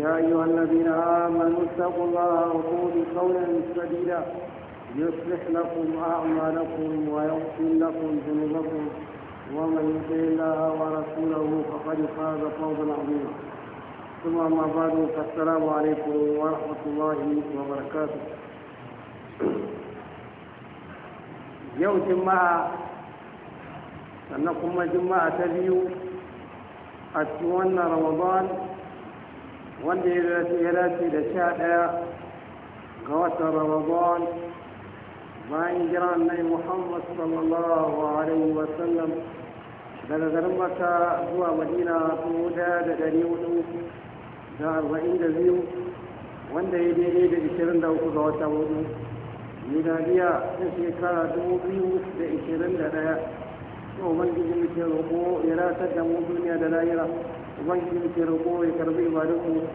يا أيها الذين آمنوا اتقوا الله وقولوا قولا سديدا يصلح لكم أعمالكم ويغفر لكم ذنوبكم ومن يطع الله ورسوله فقد فاز فوزا عظيما ثم أما بعد فالسلام عليكم ورحمة الله وبركاته يوم جماعة سنقوم kuma juma'a أتمنى رمضان wanda ya dace da sha ɗaya ga watan ramadan bayan jira annai muhammad sallallahu alaihi wasallam daga garin maka zuwa madina dubu ɗaya da ɗari hudu da arba'in da biyu wanda ya daidai da ishirin da uku ga watan hudu miladiya ta shekara dubu biyu da ishirin da ɗaya to ubangiji muke roƙo ya ratar da mu duniya da lahira ubangiji muke roƙo ya karbi ibadunmu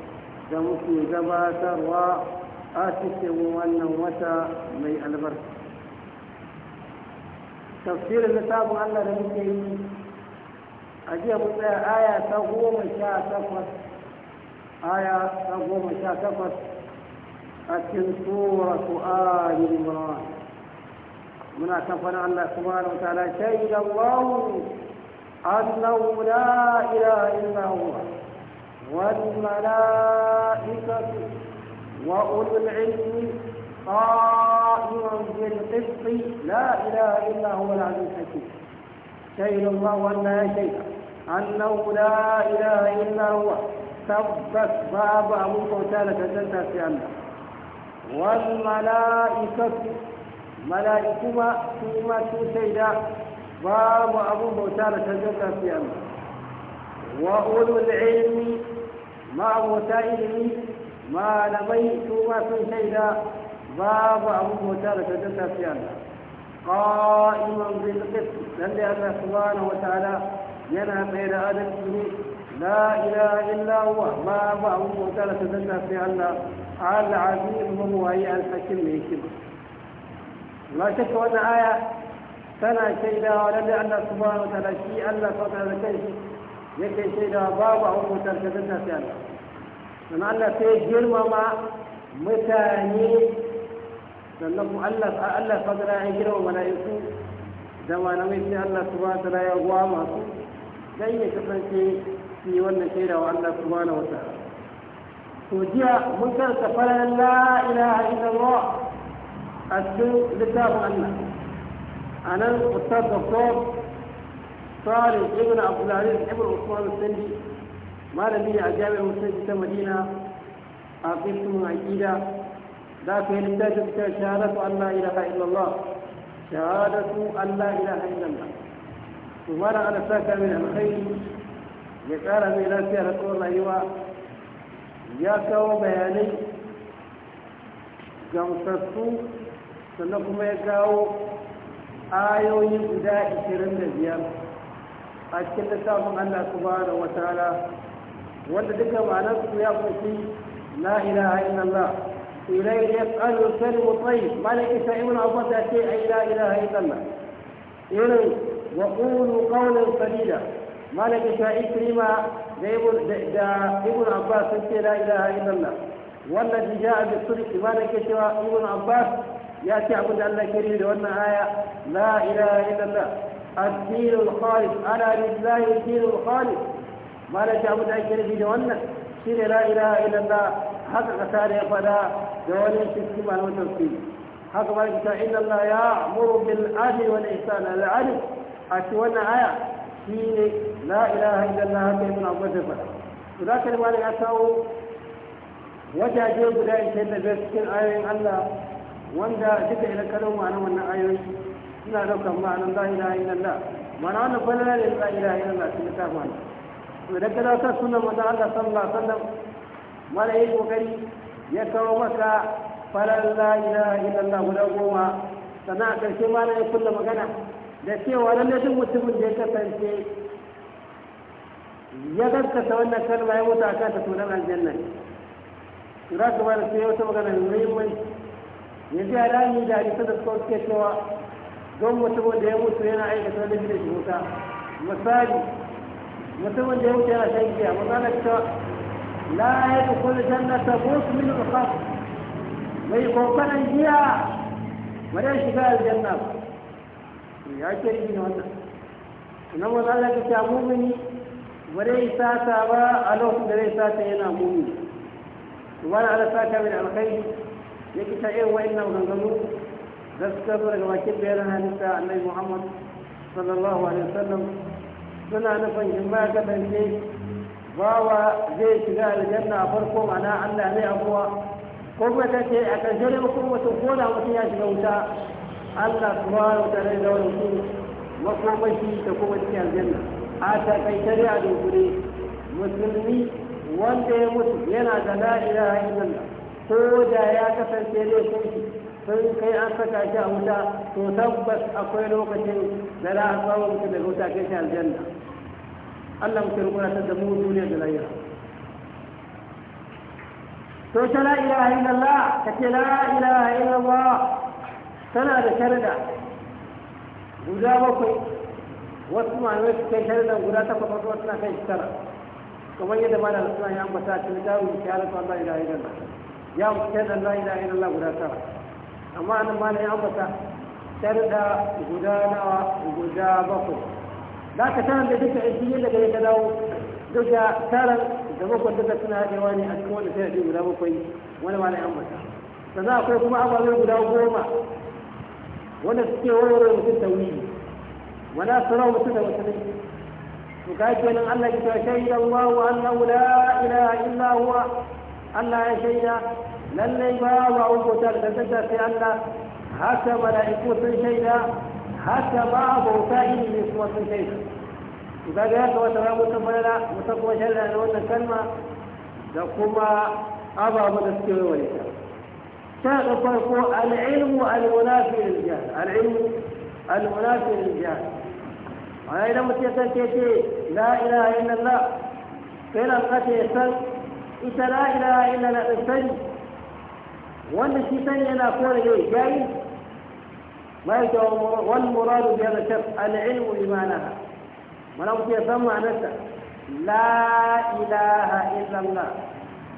da muke gabatarwa a cikin wannan wata mai albarka tafsirin na littafin allah da muke yi a jiya mun tsaya aya ta goma sha takwas aya ta goma sha takwas a cikin suratu ali imran muna kan fana allah subhanahu wa ta'ala shaidan أنه لا إله إلا هو والملائكة وأولو العلم قائما بالقسط لا إله إلا هو العزيز الحكيم شيء الله أن شيء أنه لا إله إلا هو تبت باب أبوك وتالك جنة في أمنا والملائكة ملائكة فيما تشيدا باب أبو موسى لتجدى في أمره وأولو العلم ما أبو تائلي ما لبيت ما في شيدا باب أبو موسى لتجدى في أمره قائما بالقسط لن لأن سبحانه وتعالى ينا بين آدم لا إله إلا هو ما أبو موسى لتجدى في على العزيز وهو أي الحكيم لا شك أن آية tana shaidawa lalle Allah subhanahu wa ta'ala shi Allah sauka da kai yake shaidawa babu abin mutar da zata sannan Allah sai girmama mutane sannan kuma Allah Allah sauka da ya girmama mala'iku da malamai sai Allah subhanahu wa ta'ala ya gwa masu dan ya kasance shi wannan shaidawa Allah subhanahu wa ta'ala to jiya mun karanta la ilaha illallah a cikin littafin Allah أنا أستاذ دكتور صالح ابن عبد العزيز ابن عثمان السندي ما لدي أجابة مسجد المدينة أقيمت من عجيدة لكن لله شهادة أن لا إله إلا الله شهادة أن لا إله إلا الله ثم أنا أنا من الخير يسأل من الناس يا رسول الله يا يوا يا كو بياني جمسسو سنقوم يكاو ayoyi guda 25 a cikin littafin Allah subhanahu wa ta'ala wanda duka ma'anar su ya kunshi la ilaha illallah ilai ya qalu kalimu tayyib malaka isa ibn abbas ya ce ai la ilaha illallah irin wa qulu qawlan sadida malaka isa ikrima da ibn abbas sun ce la ilaha illallah والذي جاء بالصدق مالك cewa ابن عباس ya ce abin da Allah kiri da wannan aya la ilaha illallah الدين الخالص أنا لله الدين الخالص ما لا شعب abin da da wannan shine la ilaha illallah haka kasa da ya fada da wani cikin malamin su. haka ba ta inna Allah ya amuru bil adli wal ihsan al adl a ci wannan aya shine la ilaha illallah haka ibn Abbas ya fada to zaka ne ya kawo wajaje guda 25 cikin ayoyin Allah wanda duka ila wa ma'ana wannan ayoyi suna daukar ma'anan la ilaha illallah mana wannan falala ne la ilaha illallah sun ta mana to da kada ka sunna manzon Allah sallallahu alaihi wasallam mala yi kokari ya kawo maka falal la ilaha illallah guda goma sana a ƙarshe mala ya kulla magana da cewa ne duk mutumin da ya kasance ya gaskata wannan kalma ya mutu a ta tunan aljanna ne. Za ka bada sai wata magana mai muhimmanci yanzu ya rami da hadisa da suka suke cewa don mutum da ya mutu yana aikata wani da shi wuta misali mutum da ya mutu yana shan giya misalin cewa la ya tukuli jannata muslimin ukhaf mai kokarin giya ba zai shiga aljanna ya ke rikin wannan nan wanda Allah ka ta mumini ba yi sata ba a lokacin da zai sata yana mumini wani ala sata min alkhairi ya kita irin eh, wa'annan maganganu da suka zo daga bakin bayanan halitta annabi muhammad sallallahu alaihi wasallam suna nufin in ba kasance bawa zai shiga aljanna a farko mana allah ne abuwa ko kuma ta ce a ƙarshe ne mutum mutum ko da mutum ya shiga wuta allah subhanahu wa ta'ala da zaura makomashi da kuma cikin aljanna a takaice ne a musulmi wanda ya mutu yana da laira ilaha ko da ya kasance laifin sun kai an saka shi a wuta to tabbas akwai lokacin da za a samu mutum daga wuta kai shi aljanna Allah mutum kuna da mu duniya da lahira to ta la ilaha illallah ka ce la ilaha illallah tana da sharda guda bakwai wasu malamai su kai sharda guda takwas wasu na kai shi tara kamar yadda da suna ya ambata cikin dawo da shi Allah ilaha illallah ya fitar da la ilaha illallah guda tara amma anan ma ne ambata sharda guda nawa guda bakwai za ka tarar da duka in yadda daga ka dawo duk da tarar da bakwai duka suna haɗewa ne a cikin wanda sharadi guda bakwai wani ma ne ambata sannan akwai kuma ababen guda goma wanda suke warware mutum tawili wala sarau mutum da musulunci to ka kenan Allah ya ce shaidan wa annahu la ilaha illa huwa ألا شيء لن يبقى وعوكو تردد في ألا هكا ملائكو في شيء هكا بعض وفاهم من سوى في شيء إذا جاءت وترى متفرلا متفرلا شلا نوانا كلمة لكما أبا مدسكي وليسا شاق فرقو العلم المنافي للجهل العلم المنافي للجهل وعندما تيسا كيتي لا إله إلا الله فإن القتل يسلم ita la ilaha illa na ɗan sani wanda shi sani yana kore yau jayi ma kyau wani muradu biyar da shaf al'ilmu imanaha mana mutu ya san ma'anarsa La'ilaha ilaha illallah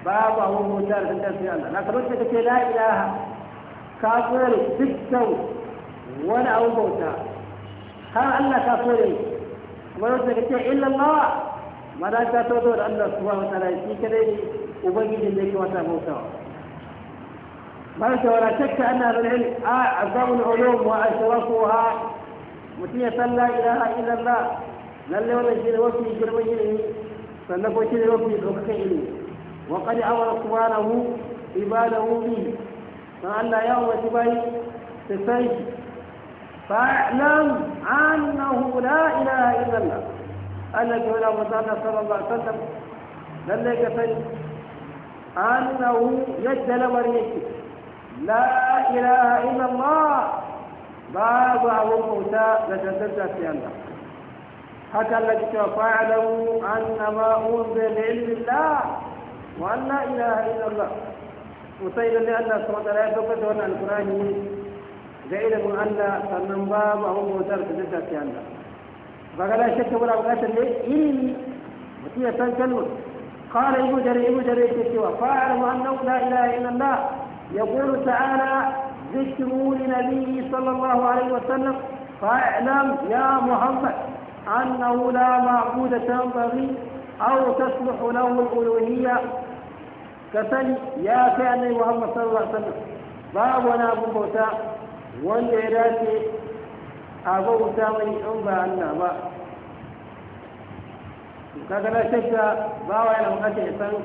babu abun bauta da tantar sai Allah na kamar da kace la ilaha ka kore dukkan wani abun bauta har Allah ka kore kamar da kace illallah mara ta tazo da Allah subhanahu wa ta'ala shi kadai ubangijin da yake wata ba barka wala shakka anna bil a azamul ulum wa ashrafuha mutum ya san la ilaha illallah lalle wannan ne wasu girman ilimi sannan ko shi ne wasu dokakan ilimi wa qad amara subhanahu ibadahu bi dan Allah ya umarci bayi su san shi fa'lam annahu la ilaha illallah الذي هو رمضان صلى الله عليه وسلم لما يقفل أنه يجدل مريكي لا إله إلا الله باب أبو الموتى لجدد في الله حتى الذي فعلوا أن ما أنزل لعلم الله وأن لا إله إلا الله وسيد لأن صلى لا عليه وسلم القرآن جعل أن تنبام أو مدرك لجدد في الله ba لا شك muna bukatar ne هي تنكلم قال ابو جرير ابو جرير كتوى فاعلم انه لا اله الا الله يقول تعالى ذكروا لنبيه صلى الله عليه وسلم فاعلم يا محمد انه لا معبود تنبغي او تصلح له الالوهيه كفل يا كان محمد صلى الله عليه وسلم باب ولا ابو موسى والعراقي a bauta wani in ba Allah ba kaga na shakka ba wa yana bukata ya san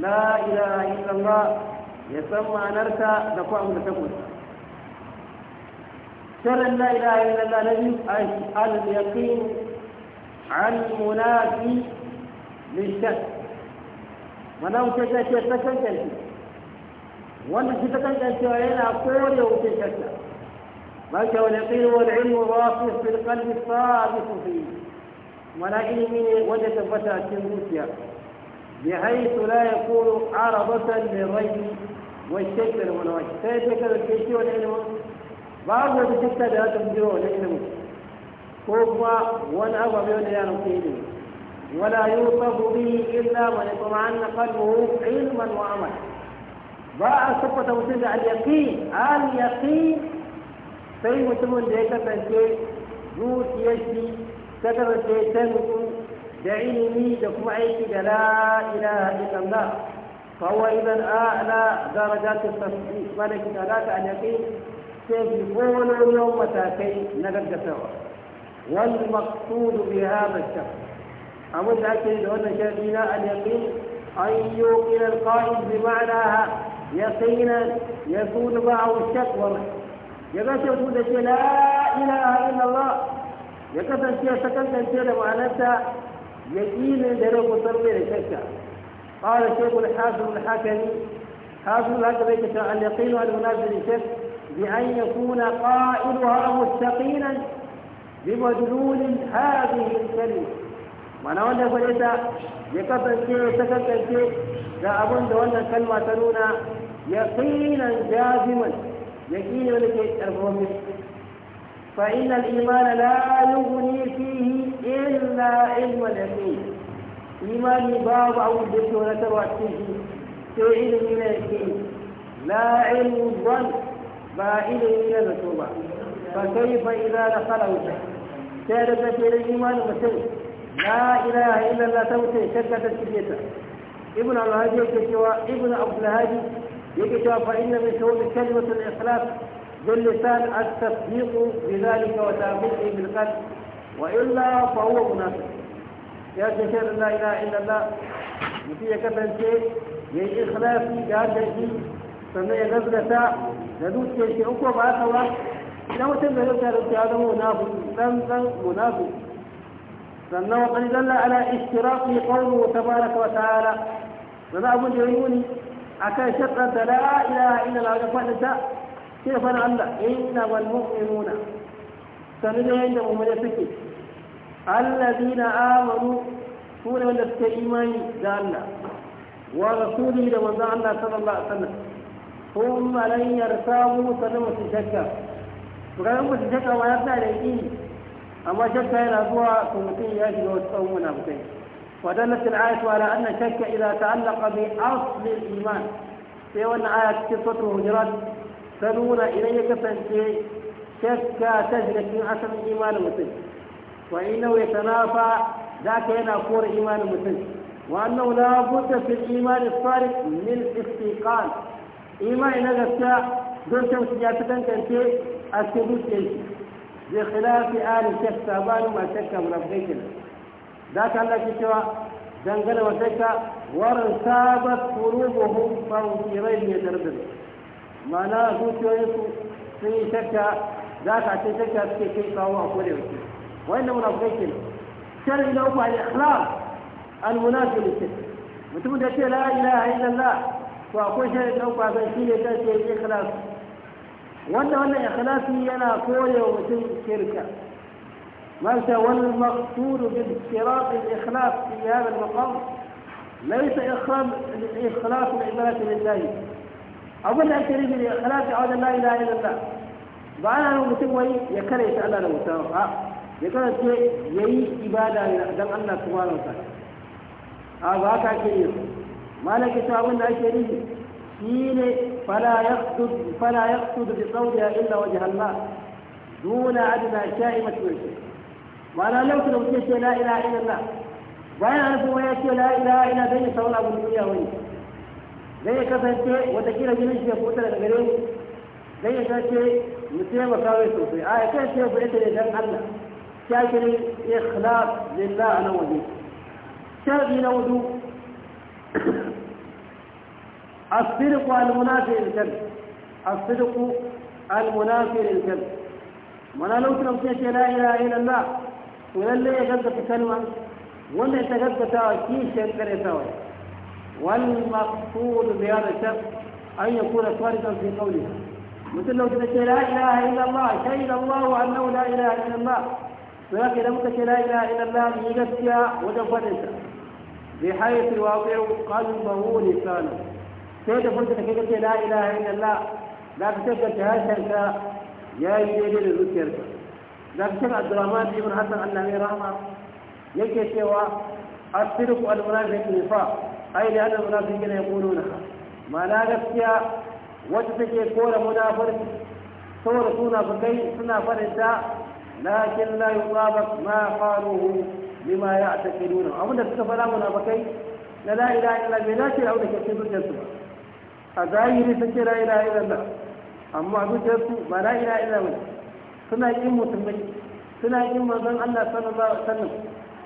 la ilaha illallah ya san ma'anarta da ko abin da ta kusa sharan la ilaha illallah na biyu al-yaqin al-munafi lishak mana wuce ta ce ta kankance wanda shi ta kankancewa yana kore wuce shakka بل واليقين والعلم الراسخ في القلب الصادق فيه ولكن من وجه الفتى الروسيا بحيث لا يكون عرضة للريب والشك والوجه فيتذكر الشيء والعلم بعض الشتى لا تبدو العلم كوفا والأبى بيان العلم ولا يوصف به إلا من يطمعن قلبه علما وعملا باع صفة مسلمة اليقين اليقين sai mutumin da ya kasance zuciyar كتب ta kasance ta nutsu da ilimi da kuma aiki da فهو إذا أعلى درجات التصديق ملك ذلك أن يقين سيكون يوم متاكين نقد سوا والمقصود بهذا الشخص أمد أكيد أن شرطنا أن يقين أن يوقن القائد بمعناها يقينا يكون معه الشك والرحمة ya gashe da ce la ilaha illallah ya kasance ta kasance da ma'anarta ya ƙinin da rabu sarbe da shakka قال الشيخ الحافظ الحكمي حافظ الحكمي اليقين المناسب للشك بأن يكون قائلها مستقينا بمدلول هذه الكلمة mana wanda faɗe ta ya kasance ta kasance da abin da wannan kalma ta nuna ya qinan jaziman يقين شيء أربهم فإن الإيمان لا يغني فيه إلا علم اليقين إيمان باب أو ذكر وتوحيد تعلم من اليقين لا علم الظن بعيد من الرسوبة فكيف إذا دخله ثالثة إلى الإيمان مسلم لا إله إلا الله توتي شكة الشجية ابن الهادي يكتشف ابن أبو الهادي يكتب فإن من شهود كلمة الإخلاص باللسان التصديق بذلك وتابعه بالقلب وإلا فهو منافق يا شيخ لا إله إلا الله نتيجة كمان شيء يا إخلاصي قال لي سمعي غزلة ندوت شيء شيء أكوا بعثة وقت لو تم لو تم لو منافق لم تم منافق سنة وقد دل على اشتراك قومه تبارك وتعالى لما أبو جريوني A akan shaɗanta la ilaha illallah wajen faɗinta sai da faɗin Allah inna wal mu'minuna sanu da yayin da mu'mina suke allazina amanu su ne wanda suke imani da Allah wa rasuli da manzon Allah sallallahu alaihi wasallam thumma lan yartabu sanu su shakka ga mu su shakka ma ya da yaki amma shakka yana zuwa to mutum ya shiga wasu tsawon wani munafikai ودلت الآية على أن الشك إذا تعلق بأصل الإيمان في وأن آية قصته هجرات فنون إليك فانتهي شك تجلك من أصل الإيمان المسلم وإنه يتنافى ذاك هنا كور إيمان المسلم وأنه لا بد في الإيمان الصالح من استيقان إيمان نفسه دون تمسياتك أنت الثبوت بخلاف آل الشك فأبانهم من أبغيتنا za ta Allah ke cewa dangane wa sai war sabat qulubuhum fa ukirai ya dardar mana zuciyoyin sun yi shakka za ka ce shakka suke kai kawo a kodayar su wani da muna kai kin shari'i na uku al-ikhlas al-munafiqun kin mutum da ce la ilaha illallah to akwai shari'i na uku akan shi ne kan sai ikhlas wanda wannan ikhlasi yana koyo mutum shirka ماذا والمقصود باضطراب الإخلاص في هذا المقام ليس إخراج الإخلاص العبادة لله أقول لك الإخلاص عود لا إله إلا الله بعنا لو متوي يكره يسأل الله تاوها يكره يسأل يي إبادة دم الله سبحانه وتعالى هذا كريم ما لك تاوين لا فلا يقصد فلا يقصد بقولها إلا وجه الله دون أدنى شائمة مشروع ma'ana lokacin da mutum ce la ilaha illallah bayan an kuma ya ce la ilaha illa zai yi sauran abin duniya wani zai kasance watakila jinin shi ya kuta daga gare mu zai ya kasance mutum ya kawai sosai a ya kasance ya kuɗe ne don Allah shakirin ikhlas lillah a nan waje sharadi na wudu الصدق المنافي للكذب الصدق المنافي للكذب من لو كنت لا اله الا الله to lalle ya gaggata kalma wanda ya gaggata wa kishiyar karyatawa wal maqsud bi hada shart an yakuna sadiqan fi qawli mutum lokacin da ce la ilaha illallah shaida annahu la ilaha illallah to yake da muka ce la ilaha illallah mu gaskiya wajen sai da الواقع قلبه لسانه la ilaha كيف لا ka إلا ta لا ya yi daidai da ذكرك da cikin abdurrahman Hassan hasan annabi rahma yake cewa asirku almunafiqin fa ai da annal munafiqin yaquluna ma la gaskiya wacce take kora munafiki saboda suna fukai suna farinta lakin la yuqabat ma qaluhu bima ya'taqiduna abinda suka fara munafikai na la ilaha illa bai dace da abinda ke cikin zuciyarsu ba a zahiri sun ce la ilaha illallah amma a zuciyarsu ba la ilaha illa bane suna yin musulmai suna yin manzon Allah sallallahu alaihi wasallam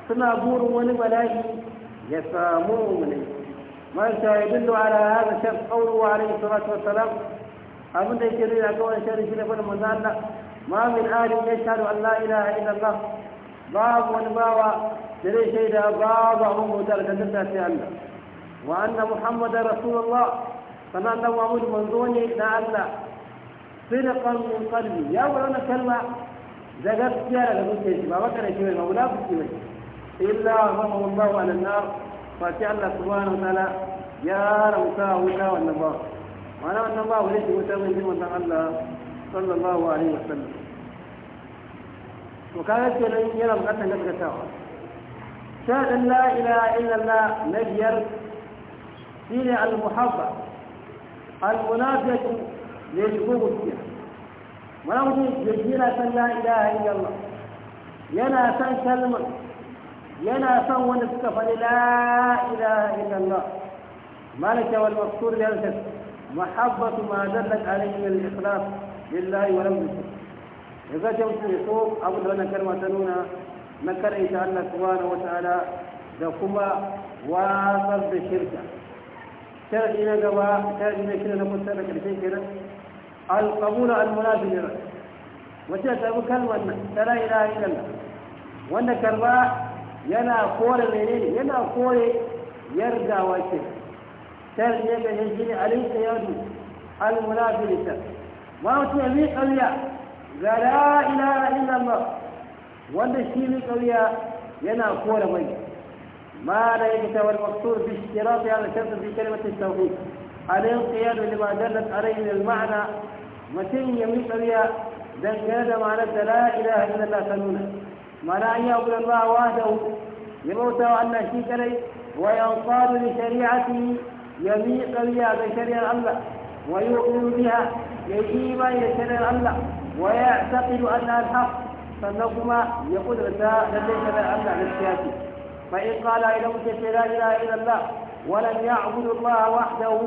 suna burin wani bala'i ya samu ne man sha yadullu ala hadha shar qawlu alaihi salatu wassalam abin da yake nuna ga wannan sharri shine fara manzon Allah ma min ahadin yashhadu an la ilaha illa Allah babu wani bawa da zai shaida babu abin bauta da tantance sai Allah wa anna muhammadar rasulullah sannan annabi Muhammad manzo ne na Allah صدقا من قلبي يا ولا كلمة زغت يا لو كنت ما وكان شيء ما ولا بكي إلا رحمه الله على النار فاتح الله سبحانه وتعالى يا رمسا وتا والنبا وانا والنبا وليس متمن من الله صلى الله عليه وسلم وكانت كلمة يرى مغتنا نبغتاها شهد لا إله إلا الله نجير فيه المحبة المنافية للجبوب السير wani لك san la ilaha illallah yana san kalmar yana san wanda suka faɗi la ilaha illallah malaka wal maqsur li hadha محبة ما دلت عليه من الإخلاص لله ولم يشرك إذا جمت يصوم أبد أن كلمة تنونا نكر إن سبحانه وتعالى دكما واصل بشركة شرعنا جوا شرعنا شرعنا مستمر كل شيء alƙabura al-munafiqin wace ta bi kalmar ta la ilaha illallah wanda karba yana kore ne yana kore yarda wace sai ne ga jini alayka yadu al-munafiqin ma wace mi qawiya ga la ilaha illallah wanda shi mi qawiya yana kore mai ما لا يكتب المقصود في اشتراط على شرط في كلمة التوحيد عليه القيام لما دلت عليه المعنى متين يمين فريا دن كذا ما لا إله إلا الله سنونا معنى أن يأكل الله وحده يموت وأن شيك لي وينصاب لشريعته يمين فريا بشريعة الله ويؤمن بها يجيب يشريع الله ويعتقد أنها الحق فنقوم يقول رساء لديك الله للسياسي فإن قال إلى لا إله إلا الله ولم يعبد الله وحده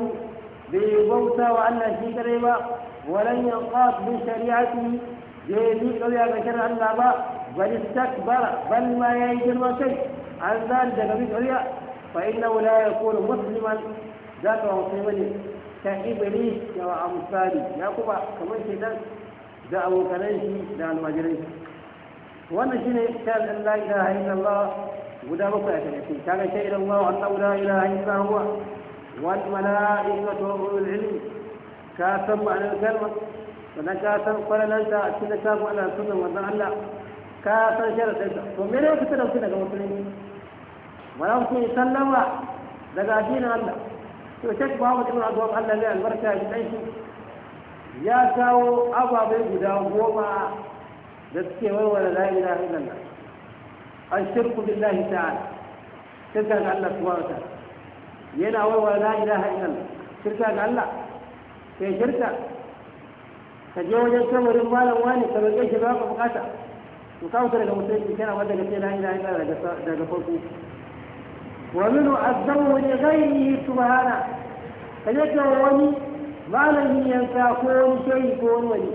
بيبوتا وأن شيء قريبا ولن ينقاط بشريعته جيبي قوي بشر الله با بل استكبر بل ما يجر شيء عن ذلك قبيل عليا فإنه لا يكون مسلما ذاك مسلما كإبليس وأمثاله يا كوبا كمان شيطان da abokanan shi da almajirai wannan shine shahadar la ilaha illallah guda bakwai a cikin kaga shaidan Allah annahu la ilaha illa huwa والملائكة وأولو العلم كافر معنى الكلمة وأنا كافر قال أنت كنا كافر على السنة وأنا ألا كافر شرط ليس ومن يوم كتنا وكنا كما تلين ولو كنت سلم لقادين ألا وشك بابا كنا عدوان ألا لأ البركة يتعيش يا كاو أبا بيبدا وما جدكي ولا لا إله إلا الله الشرك بالله تعالى كذا قال الله سبحانه وتعالى yana wawa la ilaha illallah shirka ga Allah sai shirka ka je wajen kamarin malam wani ka roƙe shi ba ka bukata to ka wuta daga musulunci kana wanda ka ce la ilaha illallah daga farko wa min azzamu li ghayrihi subhana kaje ka wani malami yanka ko wani shehi ko wani wani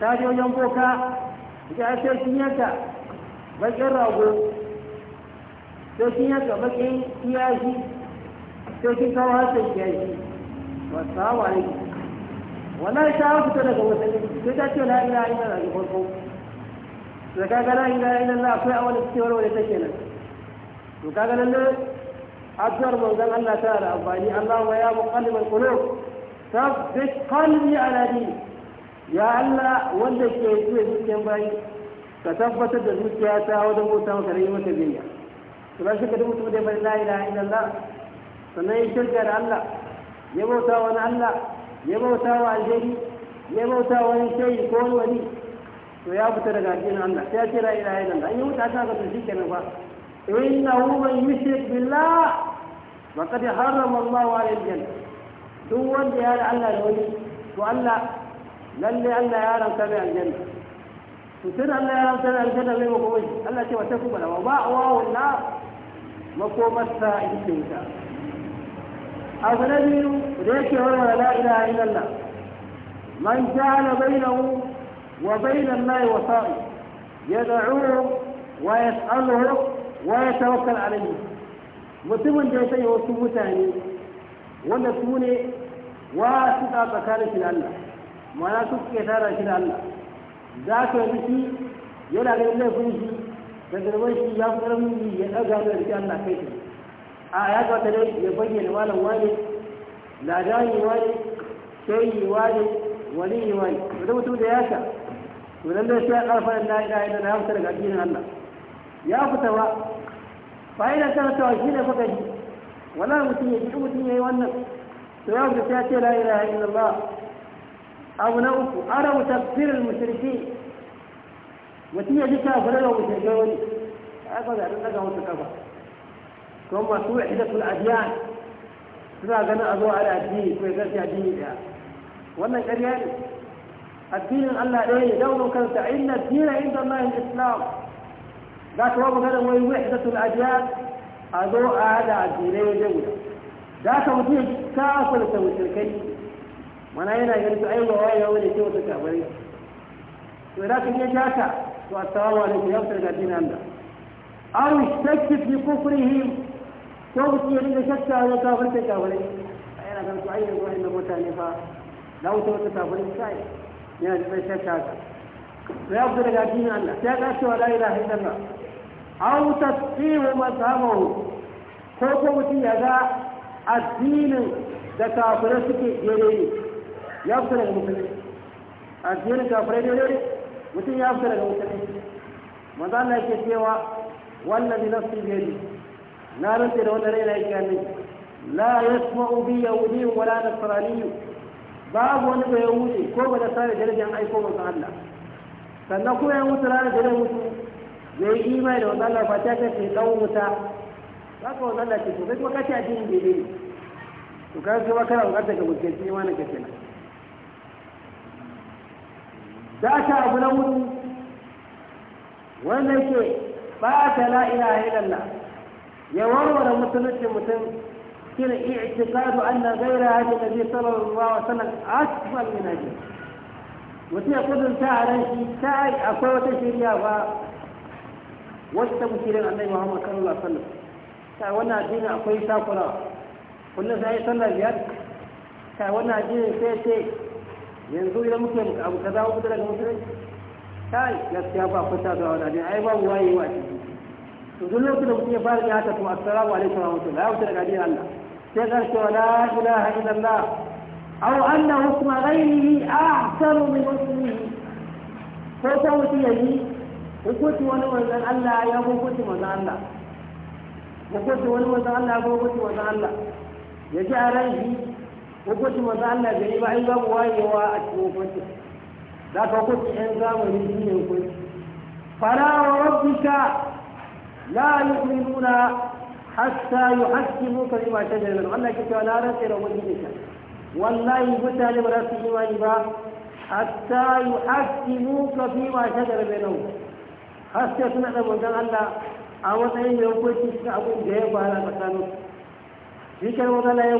ta je wajen boka ya ce yanka bakin rago to shi ya gaba ke kiyashi to shi kawo hasa kiyashi wasu alaikum wannan shawar fita daga wasanni sai ta ce la ilaha illallah da farko da kaga la ilaha illallah akwai a wani cikin wani ta kenan to kaga nan nan addu'ar manzon Allah tana da amfani Allahumma ya muqallibal qulub thabbit qalbi ala dini ya Allah wanda ke zuwa zuciyar bayi ka tabbatar da zuciya ta wajen bauta maka rayuwar ta biyayya to ba shi ka duk mutum da bai la ilaha illallah sannan ya shirka da Allah ya bauta wani Allah ya bauta wa aljeri ya bauta wani shayi ko wani wani to ya fita daga addinin Allah sai ya ce la ilaha illallah in ya mutu aka to shi kenan fa innahu man yushrik billah faqad harrama Allahu alayhi aljanna duk wanda ya da Allah da wani to Allah lalle Allah ya haramta mai aljanna to sai Allah ya haramta mai aljanna mai makomai Allah ce wa takuba wa ba'awa wallah makomarsa ita wuta abu na biyu da yake warware a ilaha illallah man ja'ala bainahu wa na Allah wa sa'i yad'uhu wa yas'aluhu wa yatawakkal alayhi mutumin da ya sanya wasu mutane wanda su ne wa su ta tsakanin shi da Allah ma'ana su suke tara shi da Allah za ka yi shi yana ganin laifin shi da garban shi ya fi yi ya ɗaga da rike Allah kai shi a ya kwata dai ya bayyana malam wale ladani wane shayi wani yi wale wata mutum da ya sha to nan da shi ya ƙarfa da na ila na ya fita daga addinin Allah ya fita ba fa'idar tawa shi ne faka ji wala mutum ya ji mutum ya yi wannan to ya fita ya ce la ilaha illallah abu na uku ara tafsirin mushriki mutum ya ji ta gwada da wuce ga wani a ba zaɗin daga wata kafa kuma masu wahidatul adiyan suna ganin a zo a addini ko ya gaske addini ɗaya wannan ƙarya ne addinin Allah ɗaya ne daunin kansa inna dina inda Allah islam za ta wa magana wai wahidatul adiyan a zo a da addinai wajen guda za ka mutum ya ji kafirta mushrikai mana yana ganin su aiwawa ya wani ce wata kabarai to da ka iya jaka to assalamu alaikum ya fara gadin Allah aw shakki fi kufrihim ko mutum ya dinga shakka ya kafirta da wuce da shakka to ya fara gadin Allah sai ya kace la ilaha illallah aw tasqihu mazhabahu ko ko mutum ya ga addinin da kafirai suke daidai ne ya fara musulmi addinin kafirai daidai mutum ya fita daga wutar manzo Allah yake cewa wannan wallazi nafsi ne na rantsa da wanda raina yake hannun la yasma'u bi yahudi wala nasrani babu wani da yahudi ko ba da sare darajar aiko manzo Allah sannan ko ya mutu ranar da zai mutu ya yi imai da wanda Allah ba ta kace dan wuta za ka wanda Allah ce to kai kuma kace addinin daidai ne to kai kuma kana bukatar ka mutunci imanin ka na za aka abu na mutu wanda yake ba ta la ilaha illallah ya warware musulunci mutum shine i'tiqadu anna ghayra hadi nabi sallallahu alaihi wasallam asfal min ajli mutum ya kudunta a ran shi kai akwai wata shirya ba wacce mukirin annabi muhammad sallallahu alaihi wasallam kai wannan addini akwai takura kullum sai sallar biyar kai wannan addini sai sai yanzu idan muke abu kaza mu da daga musulunci kai gaskiya ba fita da wani ai ba waye wa ciki to duk lokacin da mutum ya fara ya ta to assalamu alaikum wa rahmatullah ya fita daga addinin Allah sai karshe la ilaha illallah aw anna hukma ghayrihi ahsanu min hukmihi ko ta wuce ya yi hukunci wani wanzan Allah ya hukunci wanzan Allah hukunci wani wanzan Allah ya hukunci wanzan Allah ya ji a ran shi hukunci manzo Allah da yi ba in zamu wayewa a cikin hukunci za ka in yan zamani shi ne hukunci fara wa rabbika la yu'minuna hatta yuhaqqimuka lima da nan, Allah kike wala la rantsa da ubangijinka wallahi mutane ba za su imani ba hatta yuhaqqimuka fima shajara bainahum haske suna da manzon Allah a matsayin da hukunci cikin abin da ya fara tsakanin shi kai wata la ya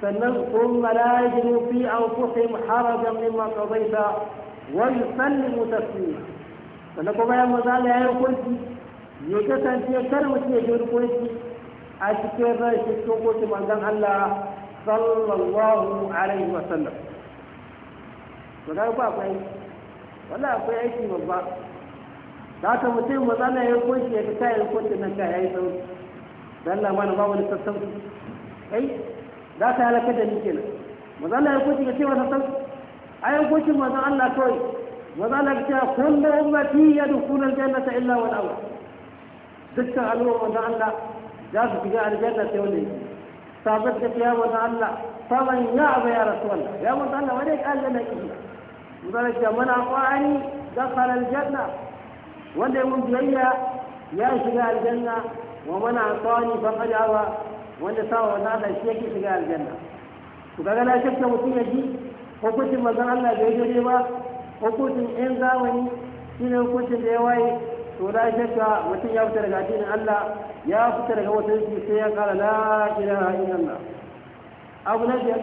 sannan kuma la yajidu fi anfusihim harajan mimma qadaita wa yusallimu taslima sannan kuma ya maza la yayin kurki ya kasance kar mutum ya jiri kurki a cikin ran shi cikin kurki manzon Allah sallallahu alaihi wa sallam to ga akwai wallahi akwai aiki babba da haka mutum maza la yayin kurki ya kurki nan yayi sauri dan Allah babu za ta halaka da ni kenan manzo Allah ya koci ga cewa san ayan koci manzo Allah kawai manzo Allah ya ce kullu ummati yadkhulul jannata illa wal awwal dukkan al'umma manzo Allah za su shiga aljanna sai wanda yake sabar da ya manzo Allah faman ya aba ya rasulullah ya manzo Allah wani aljanna yake manzo Allah ya mana qani dakhala aljanna wanda ya mun biyayya ya shiga aljanna wa mana qani faqad awa wanda sawa manzon Allah shi yake shiga aljanna to kaga na shakka mutum ya ji hukuncin manzon Allah bai daidai ba hukuncin ɗan zamani shine hukuncin da ya waye to na shakka mutum ya fita daga addinin Allah ya fita daga wata sai ya kara la ilaha illallah abu na biyar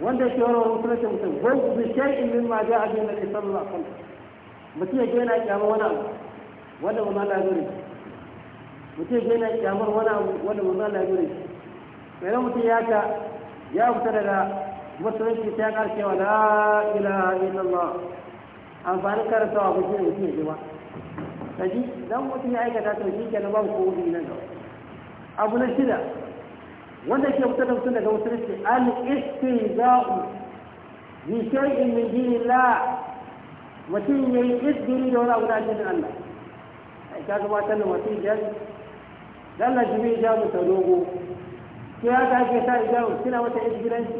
wanda ke wani musulunci mutum ko bi shay'in min ma ja'a bi nabi sallallahu alaihi wasallam mutum ya gina kyamar wani abu wanda ba ma labari mutum ya gina kyamar wani abu wanda ba ma labari idan mutum ya ta ya fita daga musulunci ta ƙarshe wa la ilaha illallah amfanin karantawa ba shi ne mutum ya ji ba ka ji dan mutum ya aikata ta shi kenan babu ko wuri nan gaba abu na shida wanda ke fitar da mutum daga musulunci al-istihza'u bi shay'in min dinillah mutum yayi isbiri da wani abu da addinin Allah ai ka gabatar da mutum dan na jibi ya mu ta dogo cewa ya ga ake sa ijawu suna wata izgilanci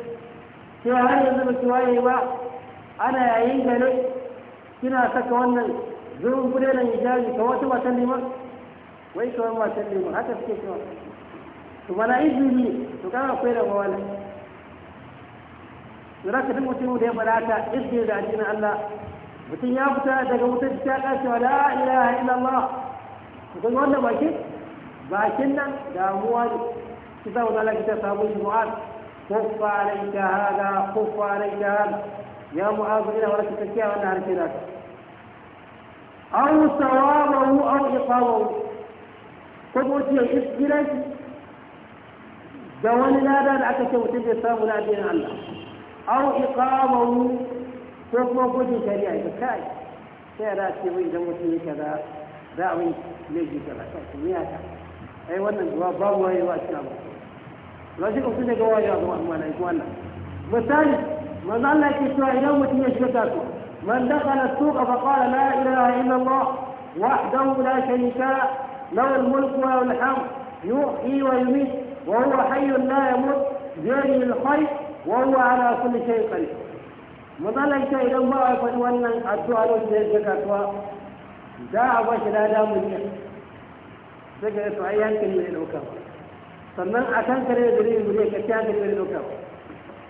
cewa har yanzu ba ki waye ba ana yayin gare kina saka wannan zurin gudanar hijabi ka wata matan liman wai kawai matan liman haka suke cewa to bana izini to kama akwai da mawala su ka duk mutum da ya faɗa ta izini da addinin Allah mutum ya fita daga wutar ta kace wa la ilaha illallah to kuma wannan bakin bakin nan damuwa ne تبون لك تفهم معاذ كف عليك هذا كف عليك هذا يا معاذ إلى ولك تكيا وأنها الكلاك أو ثوابه أو إقامه قد وجه إسجلك دوان لا لا لعك وتجد ثواب لا دين الله أو إقامه كف وجه شريعة كاي سيراتي وإذا مسلم كذا دعوي ليجي كذا كذا أي وانا جواب بابا يواجه ba shi kafin daga waya ga mala'iku Allah misali manzo Allah yake cewa idan mutum ya shiga kasuwa man dakhala suqa fa qala la ilaha illa Allah wahdahu la sharika lahu له الملك وله الحمد يحيي ويميت وهو حي لا يموت بيده الخير وهو على كل شيء قدير matsalarta idan ba a faɗi wannan addu'a lokacin da ya kasuwa za a ba shi lada mutum sai ga yasu ai hankali mai ɗauka ba sannan a kan kare da rin zuriya ka ta da gari doka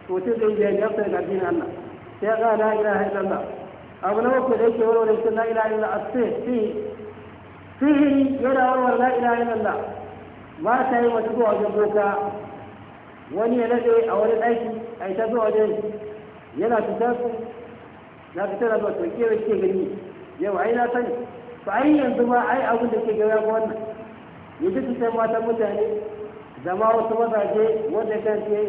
to ce zai je ya tsaya gadi na Allah sai ga la ilaha illallah abu na uku da yake warware shi la ilaha illallah asir fi fi yana warware la ilaha illallah ba ta yi wasu zuwa wajen doka wani ya nade a wani daki a ita zuwa wajen yana fita su na fitar da zuwa to kewa ke gani yau ai na sani ba ai yanzu ma ai abin da ke gaba wannan yanzu su sai matan mutane zama wasu mazaje wanda kan ce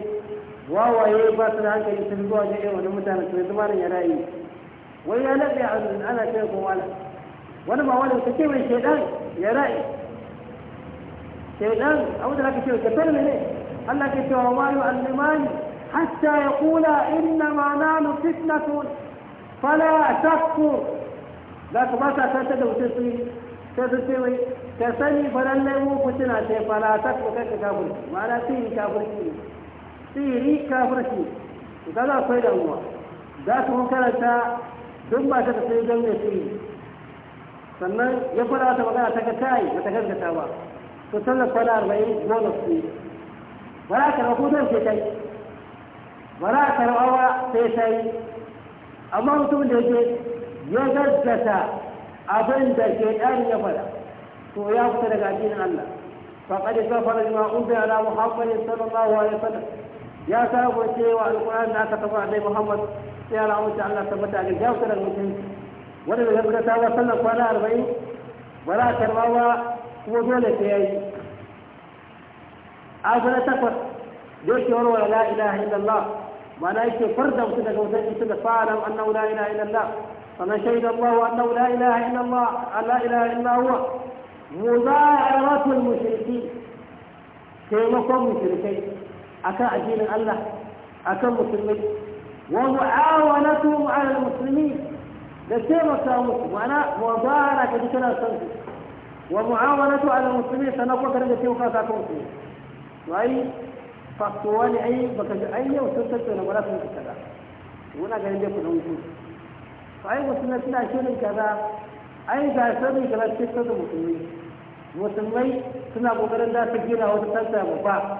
wawaye ba su da hankali sun zuwa ne irin wani mutane su yanzu malam ya rayu wai ya laɓe a ana ce ko wala wani ba wani ka ce mai shaidan ya rayu shaidan abu da haka ce ka tarmi ne Allah ke cewa ma yu allimani hatta ya kula inna ma na nanu fitnatun fala takfur za ka ba sa kanta da mutum sun yi sai sun ce mai ka sani faran lai mu ku tana sai fara ta ku kai ka kafir ma'ana sihiri kafirci sihiri kafirci to kaga akwai damuwa za ka mun karanta duk ba ta ka sai don mai sihiri sannan ya fara ta magana ta ka kai ba ta gaskata ba to sallar kwana arba'in bonus ne ba za ka ku don sai kai ba za ka rabu ba sai kai amma mutum da yake ya gaskata abin da ke ɗari ya fada وياه تلقاتين الله فقد سفر لما قلت على محمد صلى الله عليه وسلم يا سابو الشيوى القرآن لا تقطع عليه محمد يا رعون تعالى سبت على الجاوة للمسلم ولم يذكر تعالى صلى الله عليه وسلم ولا ترواوى وجولة أي أفلا تفر جوش يقولوا لا إله إلا الله وأنا يكي فردا وصدق وصدق وصدق فاعلم أنه لا إله إلا الله فمن شهد الله أنه لا إله إلا الله لا إله إلا هو مظاهرة المشركين تيمكم مشركين أكا أجيل الله أكا مسلمين ومعاونتهم على المسلمين لتيمك وأنا مظاهرة كذلك سنتي ومعاونته على المسلمين سنقول كذلك تيمكا كمسلمين وأي فاقتواني أي أي بكجأية وتنتجنا ولا كذا هنا قال لي كل وجود فأي مسلمين كذا أي جاسد كذا ستة مسلمين musulmai suna kokarin da su gina wata sassa babba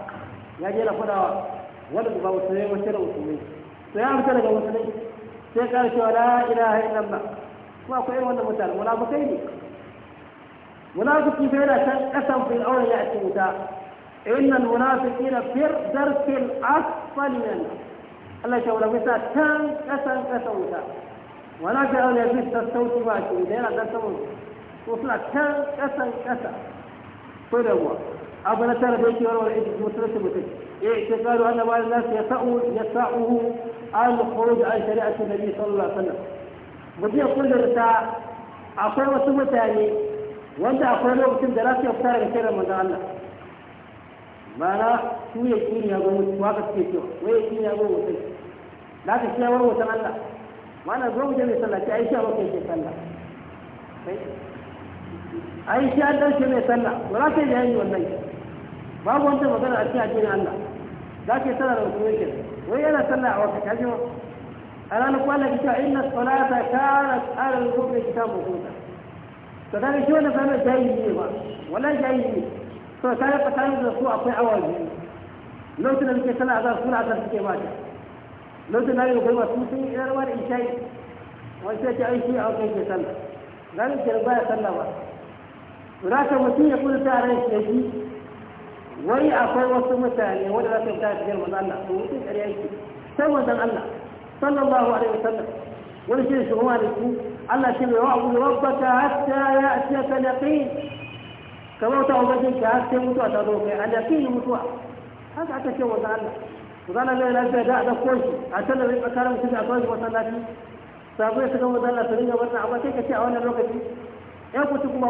ya gina fadawa wanda ba ne wace da musulmai to ya amsa daga musulmai sai ka cewa la ilaha illallah kuma akwai mutane wana mutane munafukai ne munafiki fa yana can kasan fir'auna ya ce wuta innal munafiqina fi darkil asfali min Allah ya wala bisa tan kasan kasan wuta wala ta'ala ya fi tasawti ba shi da yana kasan wuta ko suna can ƙasan ƙasa ko da ruwa abu na tara da yake warware ita musulunci mutum eh ta gado an ba da nasu ya sa'u ya sa'u an khuruj an shari'atu nabi sallallahu alaihi wasallam mutum ya kudurta akwai wasu mutane wanda akwai lokacin da za su yi fita daga kiran manzon Allah mana su ya kini ya gwamnati waka suke cewa wai ya kini ya gwamnati za ka ciyawar wutan Allah mana gwamnati mai sallah ta yi shi a wakil ke sallah ai shi an dace mai sallah ba za ka yi jahili wannan babu wanda magana a cikin addinin Allah za ka yi sallah da mutum yake wai yana sallah a wata kaji ba? a ranar kwallon ita inna salata kana tsara rubutun kita mutunta to da shi wannan sanar jahili ne ba wannan jahili ne to kaga tsakanin da su akwai awa biyu lokacin da muke sallah azan suna azan suke mata lokacin da ya kai masu sun yi irarwa da isha'i wani sai ta aiki a wajen ke sallah ranar ke ba ya sallah ba Ka mutum ya kudurta a da shi wai akwai wasu mutane wanda za ka yi tafi da mazan Allah to mutum ƙarya yake sai mazan Allah sallallahu alaihi wasallam wani shi shi kuma da su Allah shi mai wa'abu rabbaka hatta ya atiyaka yaqin kamar ta ka mutuwa ta zo kai ya lafiya da a shi a tallar rin a su ringa wannan sai ka ce a wannan lokaci ya kuci kuma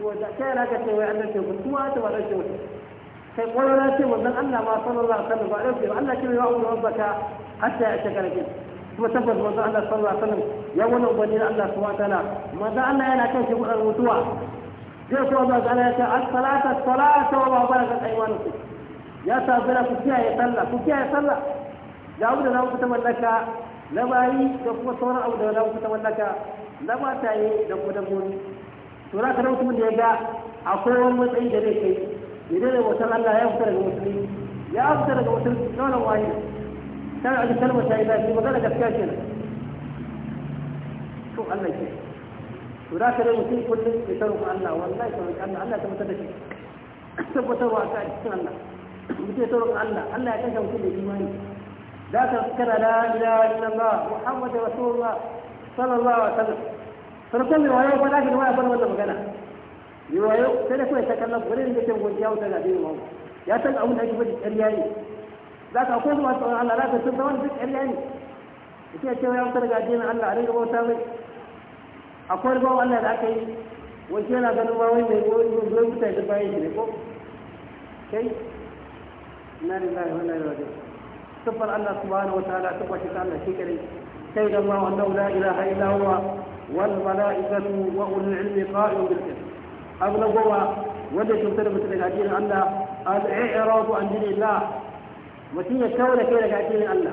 to da kai na ka ce wai Allah ce kuma ta wala ce kai kwalala ce wannan Allah ma sallallahu alaihi wasallam ba alaihi Allah ce ya Allah rabbaka hatta ya shaka laki kuma tabbas manzo Allah sallallahu alaihi wasallam ya wani ubani na Allah subhanahu wataala Maza Allah yana kan shi gudan mutuwa zai kuma ba zana ya ce as-salata as-salata wa ma balagat aymanukum ya sabira ku kiyaye sallah ku kiyaye sallah da abu da za ku ta mallaka na bayi da kuma sauran abu da za ku ta mallaka na mataye da kuma dabbobi to za ka mutumin da ya ga akwai wani matsayi da zai kai idan da wasan Allah ya fita daga musulmi ya fita daga wasan dole wani tana a jikin kalmar ta yi zafi magana gaskiya ce to Allah ke to za ka mutum kullum ya taro ku Allah wallahi ta wani Allah Allah ta mutar da shi tabbatarwa ta cikin Allah mutum ya taro ku Allah Allah ya kashe mutum da imani za ka kara la ilaha illallah muhammadu rasulullah sallallahu alaihi wasallam farkon mai wayo ba za ka waya bar wannan magana mai wayo sai da kawai ta kallon wani da ke gwanciya wuta ga dini mamu ya san abin da ake faɗi ƙarya ne za ka akwai masu tsoron Allah za ka sun zama duk ƙarya ne da ke cewa ya wutar ga dini Allah a rinka bauta mai akwai rubawa Allah da aka yi wanke yana ganin ma wani mai goyi goyi mutane da bayan shi ne ko kai na lillahi wa inna ilaihi raji'un sifar Allah subhanahu wa ta'ala ta kwace ta Allah shi kare sai da ma wannan la ilaha illa huwa والملائكة وأولي العلم قائم بالكفر أغلب هو وجه سلفة الهدين أن الإعراض عن دين الله وتي كون كيف قاعدين الله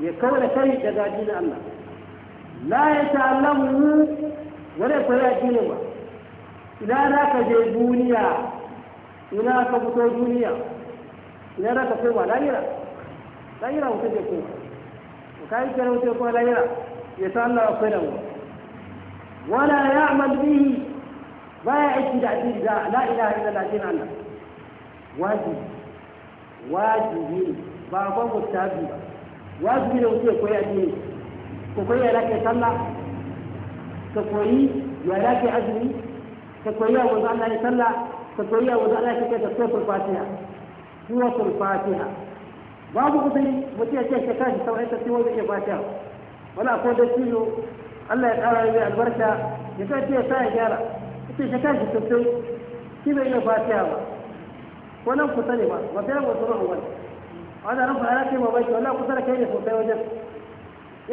يكون كيف قاعدين الله لا يتعلمه ولا يقول دينه إلا ذاك جيبونيا إلا كبتو دونيا إلا ذاك سوى لا يرى لا يرى وكيف يكون وكيف يكون لا يرى يتعلم أخيرا ولا يعمل به ما يعيش تأثير لا إله إلا الله دين الله واجب واجب بابا مستعبي واجب لو تي كوي أدين كوي لك صلى كوي لك أزمي كوي وضع الله صلى كوي وضع الله كي تسوف الفاتحة سورة الفاتحة babu kudin mutum ya ce shekara shi sauran ta ciwo zai iya fatiha wani akwai da ciwo Allah ya ƙara yi albarka ya sa ce sa ya gyara ita shi kashi sosai shi bai iya fatiha ba ko nan kusa ne ba ba sai wasu ruhu wani wanda nan fara ce ba bai wallahi kusa da kai ne sosai wajen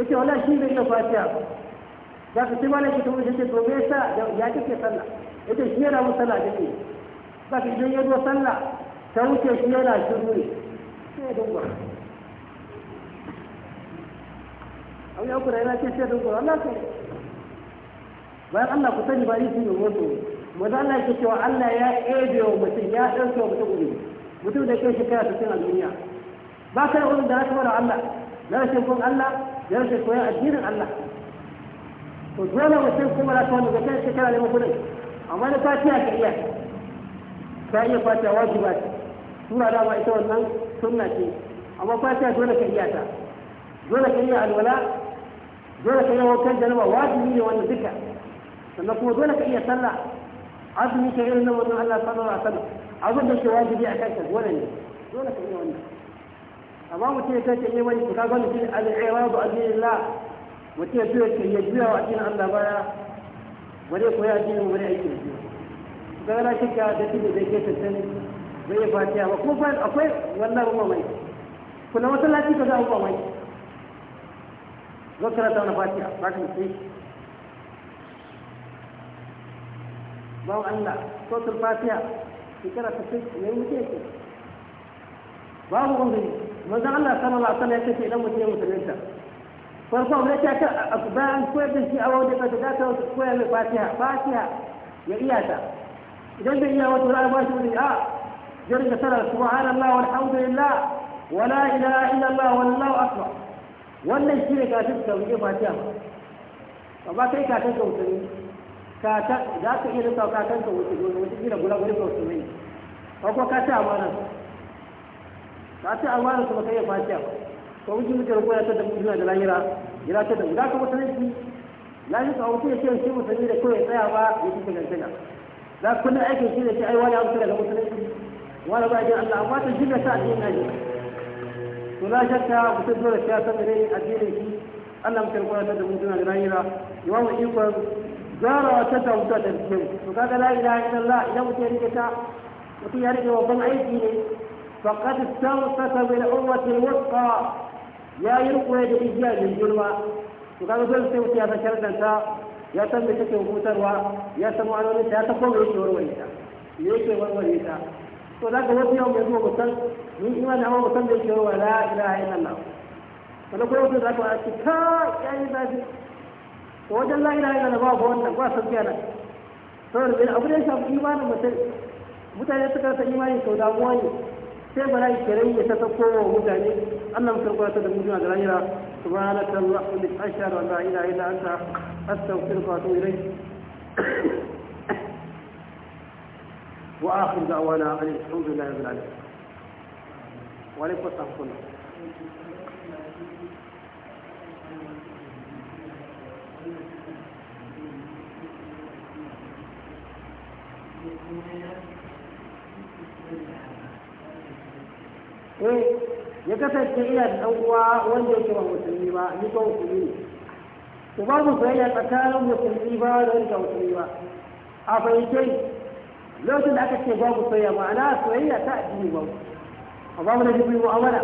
ya wallahi shi bai yi fatiha ba za ka ce malaki ta wuce ce to me yasa ya kike sallah ya shi yana mun sallah da ke za ka idan ya zo sallah ta wuce shi yana shiru ne sai ya dungwa an ya kura yana ce shi da gura Allah ko bayan Allah ku sani ba ni shi ne wato maza Allah yake cewa Allah ya ebe wa mutum ya ɗauke wa mutum ubi mutum da ke shekara ta cin a duniya ba ka da wani da rashin wani Allah na rashin kun Allah da rashin koyon addinin Allah to dole mutum kuma da wani da kai shekara ne mutum amma da fatiha ka iya ka iya fatiha wajiba ce sura da ba ita wannan sunna ce amma fatiha dole ka iya ta dole ka iya alwala dole ka yi kan janaba wajibi ne wannan duka sannan kuma dole ka iya sallah azumi ka irin nan wannan Allah sallallahu alaihi wasallam abin da ke wajibi a kanka dole ne dole ka iya wannan amma mutum ya kace ne wani ka ga mutum al-iradu adillah mutum ya juya ya ya juya wa addinin Allah baya wani koya addinin wani aiki da shi ga na shirka da tudu da ke tattali zai ya fatiya ba kuma akwai wannan kuma wata masallaci ka za a mamaki zo karanta wani fatiha za ka mutu bawan Allah sautar fatiha shekara ta sai mai mutu yake babu wani manzan Allah sallallahu a wasallam ya kace idan mutum ya musulunta farkon ya ce ka bayan koyar da shi a wajen ka da ka koyar mai fatiha fatiha ya iya ta idan bai iya wata rana ba shi wani a jirga tara subhanallah walhamdulillah wala ilaha illallah wallahu akbar wannan shi ne kafin ka wuce fatiha ba kai kakan ka wuce kata za ka iya rika kakan ka wuce gona wuce gina guda guda ka wuce mai ko ko ka ci amana ka ci amana su baka fatiha ko wuce wuce ya tada mutuna da lahira ya ta da ka mutane shi lahi ka wuce ya ce shi mutane da ya tsaya ba ya ci gantana za ku kullum aikin shi ne sai ai wani abu da mutane wani ba ya Allah amma ta shi da sa a cikin ajiya to la shakka mutum dole sai ya san menene addinin shi Allah mutum kuma ta da mutuna da lahira ya ikon zarawa ta ta mutuwa da jikin to kaga la ilaha illallah idan mutum ya rike ta mutum ya rike babban aiki ne faqad istamsaka bil urwati alwusqa ya yi da igiya to kaga dole sai mutum ya san ya san me take ya san ma'anonin ya san kuma yake warware ta me yake warware ta to za ka wasu yawan mai zuwa musan mun da amma musan da yake wa la ilaha illallah wani kuma mutum za ka wa ake ka yayi zafi to wajen la ilaha illallah ba ba wannan ba san biya nan saboda bai abu da ya shafi imanin mutum mutane suka rasa imani sau damuwa ne sai bala kirai ya ta sako wa mutane Allah mu karɓa ta da mu da lahira subhanaka allahumma ashhadu an la ilaha illa anta astaghfiruka wa atubu ilayk وآخر دعوانا أن الحمد لله رب العالمين وعليكم السلام ورحمة eh ya kasance ina da ɗan uwa wanda yake ba musulmi ba ni ba musulmi ne to babu soyayya tsakanin musulmi ba da wanda musulmi ba a fahimce lokacin da aka ce babu soyayya ma'ana soyayya ta addini babu amma mun jibi mu mu'amala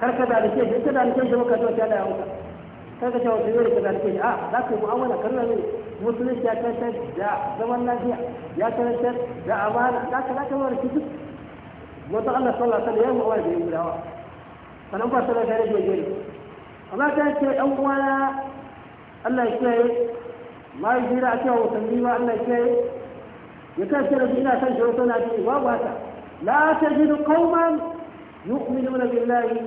kar ka da ke shi ka da rike shi ka zo ta da yanka kar ka cewa soyayya ka da ke shi a za ka yi mu'amala kar ne musulunci ya tantar da zaman lafiya ya tantar da amana za ka za ka mara shi duk wata Allah sallah alaihi wasallam ya mu'amala da yin gudawa sanan ba sallallahu alaihi da ya amma ta ce ɗan uwana Allah ya kiyaye ma yi jira a cewa wasanni ma Allah ya kiyaye ya kan sharafi ina kan sharafi na ce babu haka la tajidu qauman yu'minuna billahi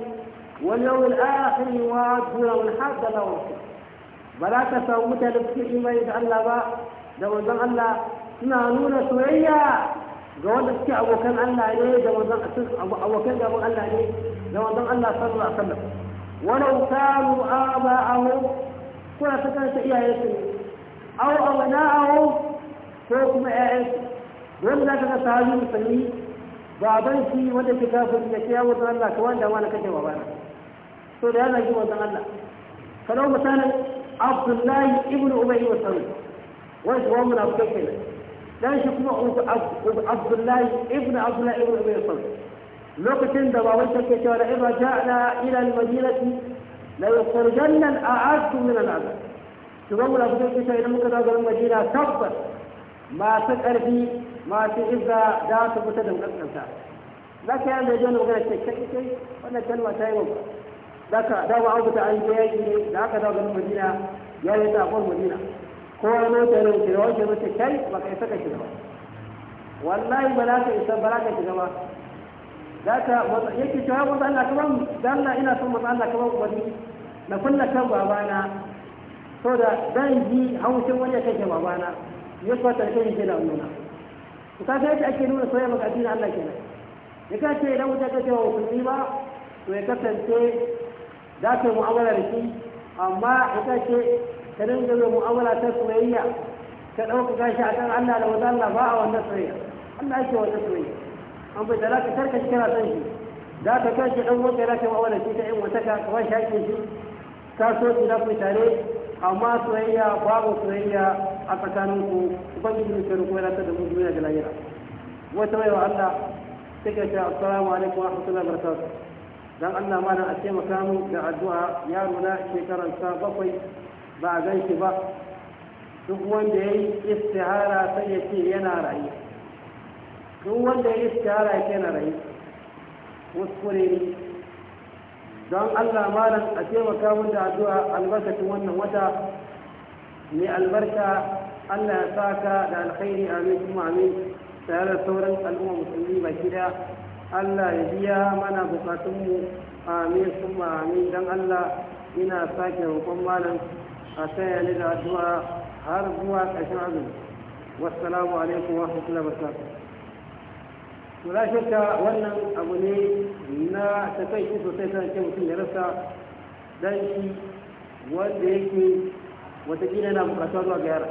wal yawmil akhir wa aduna wal hadda la ba za ka samu mutane da suke imani da Allah ba da manzon Allah suna nuna soyayya ga wanda suke abokan Allah ne da manzon abokan gaban Allah ne da manzon Allah sallallahu alaihi wasallam walau kanu aba'ahum kuna ta kanta iyayensu ne aw abna'ahum ko kuma ƴaƴansu don za ka ga sahabi musulmi baban shi wanda ke kafin da ke wata Allah ka wanda wani kake babana so da yana ji wanzan Allah kalau misalin abdullahi ibn ubayy wa sallu wani shi wani munafukai kenan dan shi kuma abdullahi ibn abdullahi ibn ubayy wa sallu lokacin da baban shi ke cewa da in raja'na ila al-madinati la yukhrijanna al-a'addu min al-'adab shugaban munafukai ke cewa idan muka zo garin madina tabbas masu ƙarfi masu izza za su fita da ƙasƙanta za ka yi da jana wani ce kai kai wannan kalma ta yi wa za ka dawo abu ta an je yaƙi ne da aka dawo ganin madina ya yi ta akwai madina ko wani mota ne ke wanke mace kai ba ka isa ka shiga ba wallahi ba za ka isa ba za ka shiga ba za ka yake cewa masu Allah kamar da Allah ina son masu Allah kamar wani na kulla kan babana saboda zan yi haushin wani ya kashe babana nisbata shay'in ila nuna to ka ga ake nuna soyayya ga addinin Allah kenan ya kace idan wuta ka ce wa musulmi ba to ya kasance za ka mu'amala da shi amma ya kace ta dinga zai mu'amala ta soyayya ka ɗaukaka shi a kan Allah da wanda Allah ba a wannan soyayya Allah yake wannan soyayya an bai da za ka karka shi kana son shi za ka kan shi ɗan wanda ya rasa mu'amala shi ta yin wata ka kamar shi ake shi ka so shi za ku tare amma soyayya babu soyayya a tsakanin ku ubangiji ne sai kuma ta da mu duniya da lahira wata yi wa Allah take cewa assalamu alaikum wa rahmatullahi wa barakatuh dan Allah da a ce makamu da addu'a yaro na shekaran sa bakwai ba a ganshi ba duk wanda ya yi istihara sai ya ce yana rayu duk wanda ya yi istihara ya ce yana rayu kuskure ne don Allah da a taimaka min da addu'a albarkacin wannan wata mai albarka Allah ya saka da alkhairi amin kuma amin tare da sauran al'umma musulmi ba da Allah ya biya mana bukatunmu amin kuma amin dan Allah ina sake roƙon malam a taya ni da addu'a har zuwa ƙarshen azumi wassalamu alaikum wa rahmatullahi wa barakatuh to shakka wannan abu ne na ta kai shi sosai ke mutum ya rasa dan shi wanda yake watakila yana bukatuwa zuwa ga yara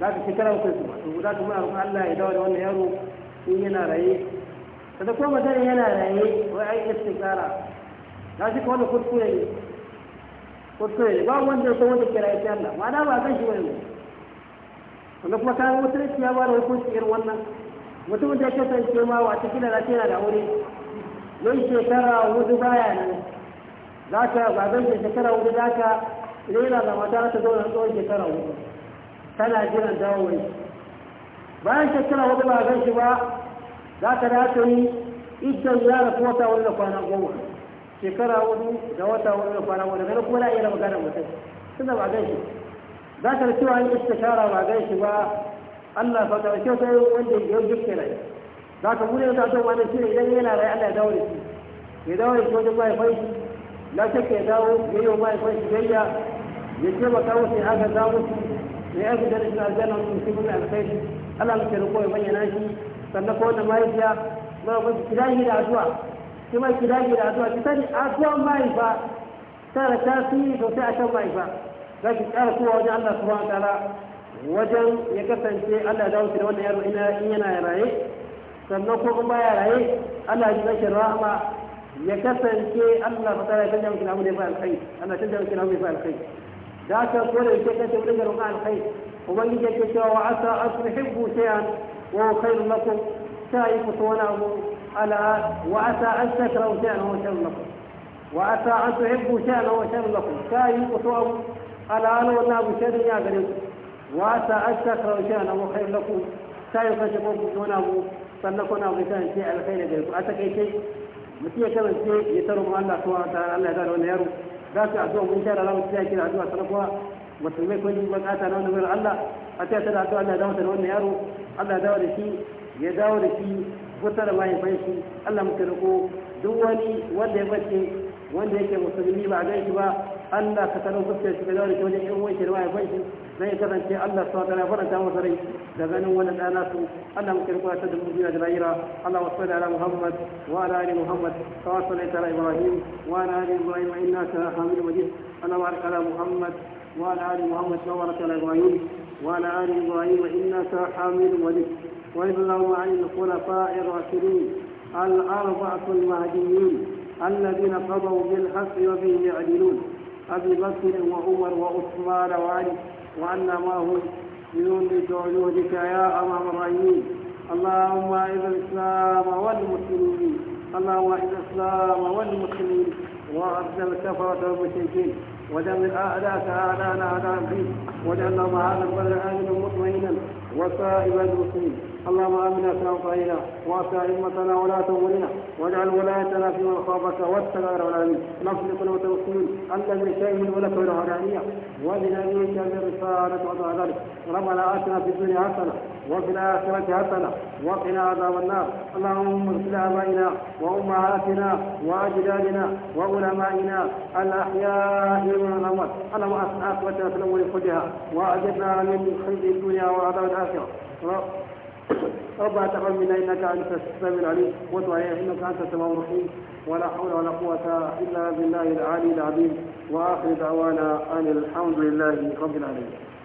za ka shekara kai kuma to za ka muna roƙon Allah ya dawo da wannan yaro in yana raye kada ko mutum yana raye wai ai istiqara na shi ka wani kuskure ne kuskure ne ba wanda ya san wanda ke raye sai Allah ma'ana ba kan shi bane wanda kuma kayan mutunci ya ba da hukunci irin wannan mutumin da ya kasance ma wata kila lafiya da aure don shekara hudu baya nan za ka ba zan shekara hudu za ka idan yana da mata ta zauna tsawon shekara hudu tana jiran dawowar shi bayan shekara hudu ba gan shi ba za ka da ta yi idan ya rasu wata wani da kwana goma shekara hudu da wata wani da kwana goma daga kuma na iya magana mutum tun da ba gan shi za ka da cewa an istishara ba gan shi ba Allah fa ta kyauta wanda ya yi jikke rai za ka bude ta ta wani shi idan yana rai Allah ya dawo da shi ya dawo da shi wajen mahaifai na shakka ya dawo ya yi wa mahaifai shi biyayya ya taimaka musu ya agaza musu ya yi da rashin aljanna musu mutum mai alkhairi Allah mu tarko ya bayyana shi sannan ko wanda mahaifiya ba mu kidahi da addu'a shi ma kidahi da addu'a ki sani addu'a mahaifa ta da tasiri sosai a kan mahaifa za ki tsara kowa wajen Allah subhanahu wa ta'ala wajen ya kasance Allah ya dawo da wannan yaro in yana raye sannan ko kuma baya raye Allah ya zaki rahama ya kasance Allah ya Allah fa ذاك يقول الجنة ولد مع الخير ومن يجد وعسى أن تحبوا شيئا وهو خير لكم سائف ونعم على وعسى أن تكرهوا شيئا وهو شر لكم وعسى أن تحبوا شيئا وهو شر لكم سائف ونعم على أن والنعم شر يا غريب وعسى أن تكرهوا شيئا وهو خير لكم سائف ونعم سنكون أغسان شيئا الخير غريب أتكي شيء متى كمان شيء يترم الله سبحانه وتعالى الله يدعو za su addu'a mun sha Allah mutum ya kira addu'a sana kuma musulmai ko ji bukata na wannan Allah a ta da addu'a Allah ya dawo da wannan yaro Allah ya dawo da shi ya dawo da shi kusa da mahaifin shi Allah muka riko duk wani wanda ya bace wanda yake musulmi ba a gan shi ba Allah ka sanar fuskar shi ka dawo da shi wajen yan uwan da shi sai kasance Allah subhanahu wataala faranta masa rai da ganin wannan dana su Allah muke rikuwa ta dubu biyu da lahira Allah wasu ala Muhammad wa ala ali Muhammad kama sallaita ala Ibrahim wa ala ali Ibrahim innaka Hamidum Majid Allah barik ala Muhammad wa ala ali Muhammad kama barakta ala Ibrahim wa ala ali Ibrahim innaka Hamidum Majid وإذ اللهم عن الخلفاء الراشدين الأربعة المهديين الذين قضوا بالحق وبه يعدلون أبي بكر وعمر وعثمان وعلي وأن ما هو بذلك وجودك يا أمام الراحمين اللهم أعز الإسلام والمسلمين اللهم أعز الإسلام والمسلمين وأعز الكفرة والمشركين وجعل أعداءك أعداءنا أعداء فيه وجعل الله هذا البلد آمنا مطمئنا وسائر المسلمين اللهم امنا في اوطاننا واصل ائمتنا ولاة امورنا واجعل ولايتنا في من خافك واتقى غير العالمين نصر قلوة انت من شيء ولك وله علانية وبنبيك برسالة وضع ذلك ربنا اتنا في الدنيا حسنة وفي الآخرة حسنة وقنا عذاب النار اللهم اغفر لآبائنا وأمهاتنا وأجدادنا وعلمائنا الأحياء من الأموات اللهم أسأل أقوتنا في الأول خذها وأجرنا من خزي الدنيا وعذاب الآخرة ربنا تقبل منا انك انت السميع العليم وتب انك انت السلام الرحيم ولا حول ولا قوه الا بالله العلي العظيم واخر دعوانا ان الحمد لله رب العالمين